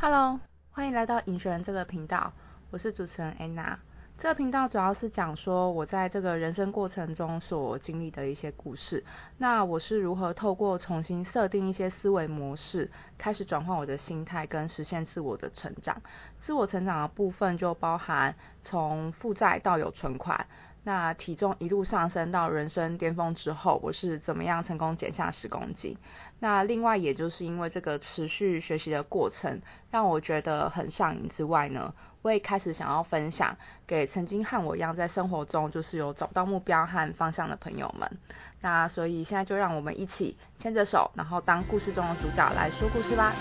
Hello，歡迎來到癮學人這個頻道。我是主持人安娜。這個頻道主要是講說我在這個人生過程中所經歷的一些故事。那我是如何透過重新設定一些思維模式，開始轉換我的心態，跟實現自我的成長。自我成長的部分就包含從負債到有存款。那體重一路上升到人生巔峰之後，我是怎麼樣成功減下十公斤？那另外也就是因為這個持續學習的過程讓我覺得很上癮之外呢，我也開始想要分享給曾經和我一樣在生活中就是有找到目標和方向的朋友們。那所以現在就讓我們一起牽着手，然後當故事中的主角來說故事吧。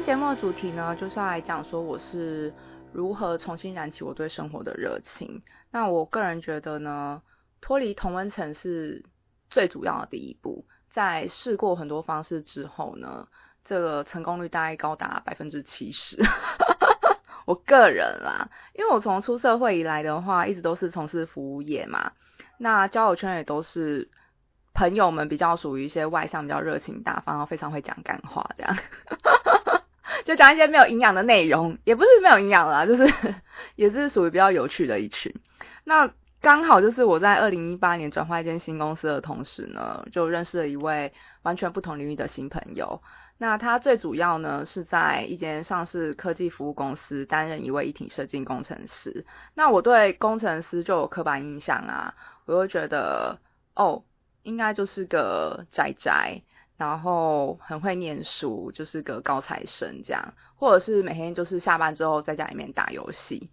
今天節目的主題呢，就是來講說我是如何重新燃起我對生活的熱情。那我個人覺得呢，脫離同溫層是最主要的第一步。在試過很多方式之後呢，這個成功率大概高達百分之七十。 我個人啦，因為我從出社會以來的話，一直都是從事服務業嘛，那交友圈也都是朋友們比較屬於一些外向、比較熱情、大方，然後非常會講乾話這樣。 就講一些沒有營養的內容，也不是沒有營養啦，就是也是屬於比較有趣的一群。那剛好就是我在二零一八年轉換一間新公司的同時呢，就認識了一位完全不同領域的新朋友。那他最主要呢，是在一間上市科技服務公司擔任一位一體設計工程師。那我對工程師就有刻板印象啊，我就覺得哦，應該就是個宅宅。然後很會念書，就是個高材生這樣，或者是每天就是下班之後在家裡面打遊戲。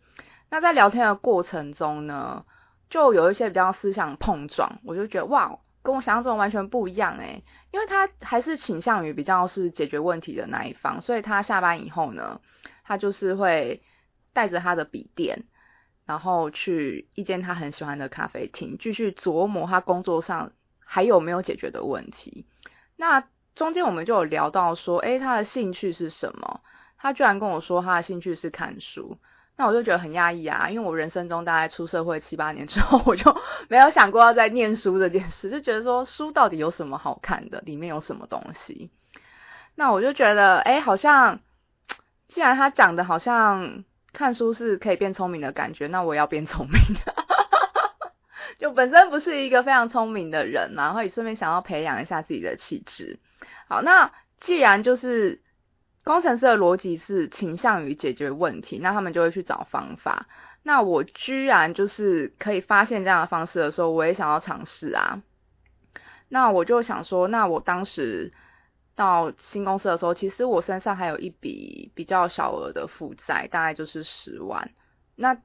那在聊天的過程中呢，就有一些比較思想碰撞，我就覺得哇，跟我想象中完全不一樣誒，因為他還是傾向於比較是解決問題的那一方，所以他下班以後呢，他就是會帶着他的筆電，然後去一間他很喜歡的咖啡廳，繼續琢磨他工作上還有沒有解決的問題。那中間我們就有聊到說，哎、欸，他的興趣是什麼？他居然跟我說他的興趣是看書，那我就覺得很訝異啊！因為我人生中大概出社會七八年之後，我就沒有想過要再念書這件事，就覺得說書到底有什麼好看的，裡面有什麼東西？那我就覺得，哎、欸，好像既然他講的好像看書是可以變聰明的感覺，那我要變聰明的。就本身不是一個非常聰明的人嘛，然後也順便想要培養一下自己的氣質。好，那既然就是工程師的邏輯是傾向於解決問題，那他們就會去找方法。那我居然就是可以發現這樣的方式的時候，我也想要嘗試啊。那我就想說，那我當時到新公司的時候，其實我身上還有一筆比較小額的負債，大概就是十萬。那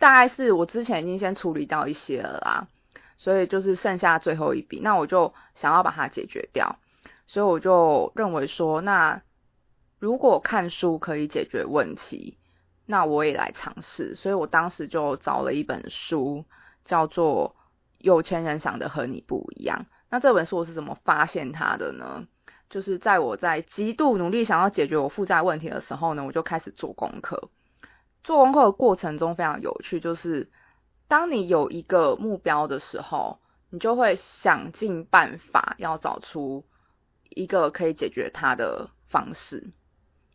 大概是我之前已經先處理到一些了啦，所以就是剩下最後一筆，那我就想要把它解決掉，所以我就認為說，那如果看書可以解決問題，那我也來嘗試。所以我當時就找了一本書，叫做《有錢人想的和你不一樣》。那這本書我是怎麼發現它的呢？就是在我在極度努力想要解決我負債問題的時候呢，我就開始做功課。做功課的過程中非常有趣，就是當你有一個目標的時候，你就會想盡辦法要找出一個可以解決它的方式。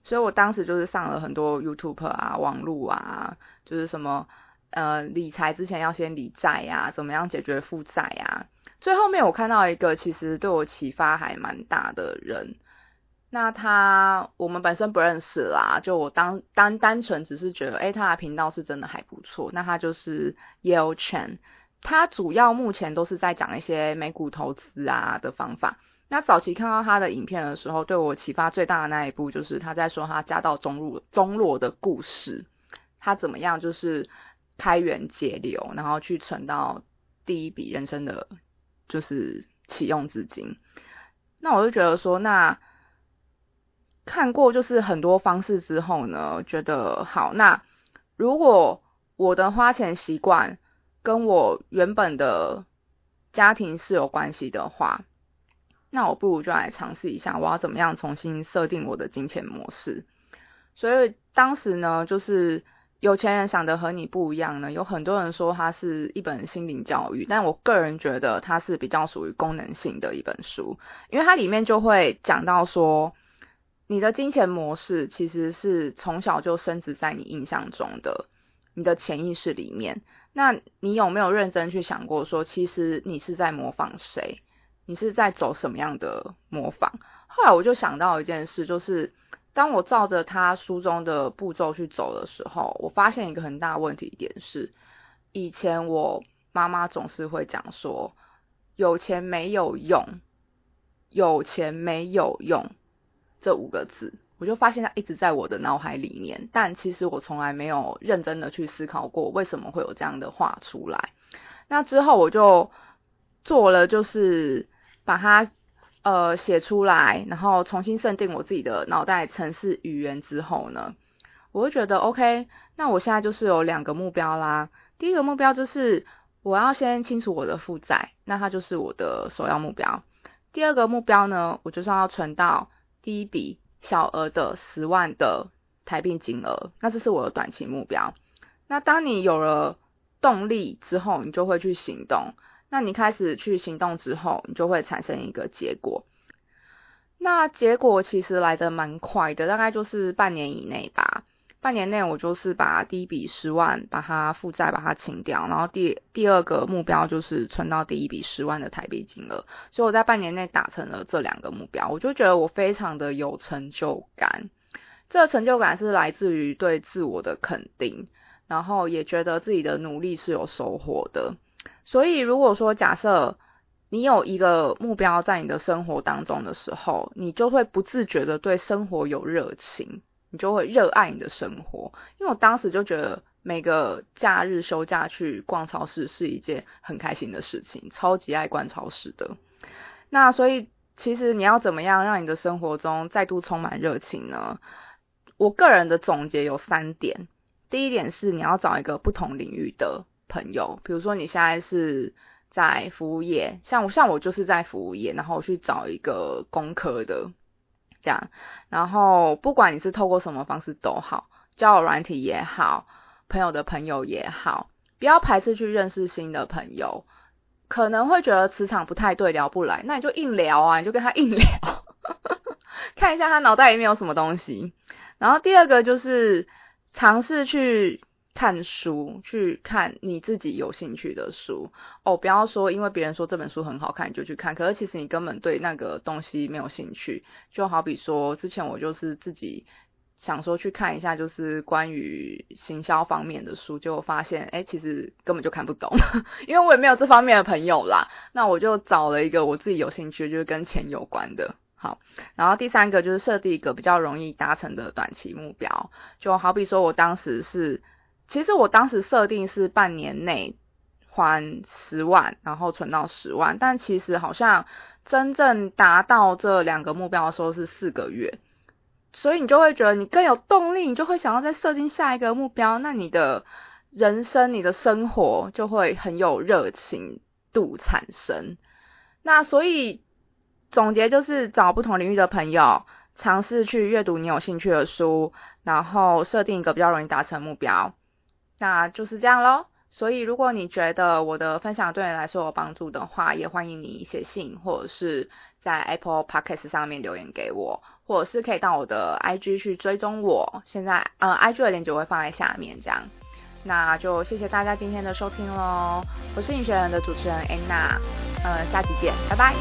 所以我當時就是上了很多 YouTube 啊、網路啊，就是什麼呃理財之前要先理債呀，啊，怎麼樣解決負債呀。最後面我看到一個其實對我啟發還蠻大的人。那他，我們本身不認識啦、啊。就我當單單，單純只是覺得，哎、欸，他的頻道是真的還不錯。那他就是 Yale Chen，他主要目前都是在講一些美股投資啊的方法。那早期看到他的影片的時候，對我啟發最大的那一步，就是他在說他家道中落中落的故事，他怎麼樣就是開源節流，然後去存到第一筆人生的，就是啟用資金。那我就覺得說，那。看過就是很多方式之後呢，覺得好。那如果我的花錢習慣跟我原本的家庭是有關係的話，那我不如就來嘗試一下，我要怎麼樣重新設定我的金錢模式。所以當時呢，就是有錢人想的和你不一樣呢，有很多人說它是一本心靈教育，但我個人覺得它是比較屬於功能性的一本書，因為它裡面就會講到說。你的金錢模式其實是從小就深植在你印象中的，你的潛意識裡面。那你有沒有認真去想過說，其實你是在模仿誰？你是在走什麼樣的模仿？後來我就想到一件事，就是當我照着他書中的步驟去走的時候，我發現一個很大問題一點是，以前我媽媽總是會講說，有錢沒有用，有錢沒有用。這五個字，我就發現它一直在我的腦海裡面，但其實我從來沒有認真的去思考過為什麼會有這樣的話出來。那之後我就做了，就是把它呃寫出來，然後重新設定我自己的腦袋程式語言之後呢，我就覺得 OK，那我現在就是有兩個目標啦。第一個目標就是我要先清除我的負債，那它就是我的首要目標。第二個目標呢，我就是要存到。第一筆小額的十萬的台幣金額，那這是我的短期目標。那當你有了動力之後，你就會去行動。那你開始去行動之後，你就會產生一個結果。那結果其實來得蠻快的，大概就是半年以內吧。半年內，我就是把第一筆十萬把它負債把它清掉，然後第第二個目標就是存到第一筆十萬的台幣金額。所以我在半年內達成了這兩個目標，我就覺得我非常的有成就感。這個成就感是來自於對自我的肯定，然後也覺得自己的努力是有收穫的。所以如果說，假設你有一個目標在你的生活當中的時候，你就會不自覺的對生活有熱情。你就會熱愛你的生活，因為我當時就覺得每個假日休假去逛超市是一件很開心的事情，超級愛逛超市的。那所以，其實你要怎麼樣讓你的生活中再度充滿熱情呢？我個人的總結有三點：第一點是你要找一個不同領域的朋友，比如說你現在是在服務業，像我，像我就是在服務業，然後去找一個工科的。這樣，然後不管你是透過什麼方式都好，交友軟體也好，朋友的朋友也好，不要排斥去認識新的朋友。可能會覺得磁場不太對，聊不來，那你就硬聊啊，你就跟他硬聊， 看一下他腦袋裡面有什麼東西。然後第二個就是嘗試去。看書，去看你自己有興趣的書哦。Oh, 不要說因為別人說這本書很好看你就去看，可是其實你根本對那個東西沒有興趣。就好比說，之前我就是自己想說去看一下，就是關於行銷方面的書，就發現哎、欸，其實根本就看不懂， 因為我也沒有這方面的朋友啦。那我就找了一個我自己有興趣的，就是跟錢有關的。好，然後第三個就是設定一個比較容易達成的短期目標，就好比說我當時是。其實我當時設定是半年內還十萬，然後存到十萬。但其實好像真正達到這兩個目標的時候是四個月，所以你就會覺得你更有動力，你就會想要再設定下一個目標。那你的人生、你的生活就會很有熱情度產生。那所以總結就是找不同領域的朋友，嘗試去閱讀你有興趣的書，然後設定一個比較容易達成目標。那就是這樣嘍。所以，如果你覺得我的分享對你來說有幫助的話，也歡迎你寫信，或者是在 Apple Podcasts 上面留言給我，或者是可以到我的 IG 去追蹤我。現在，呃，IG 的鏈接我會放在下面這樣。那就謝謝大家今天的收聽嘍。我是癮學人的主持人 Anna，呃，下期見，拜拜。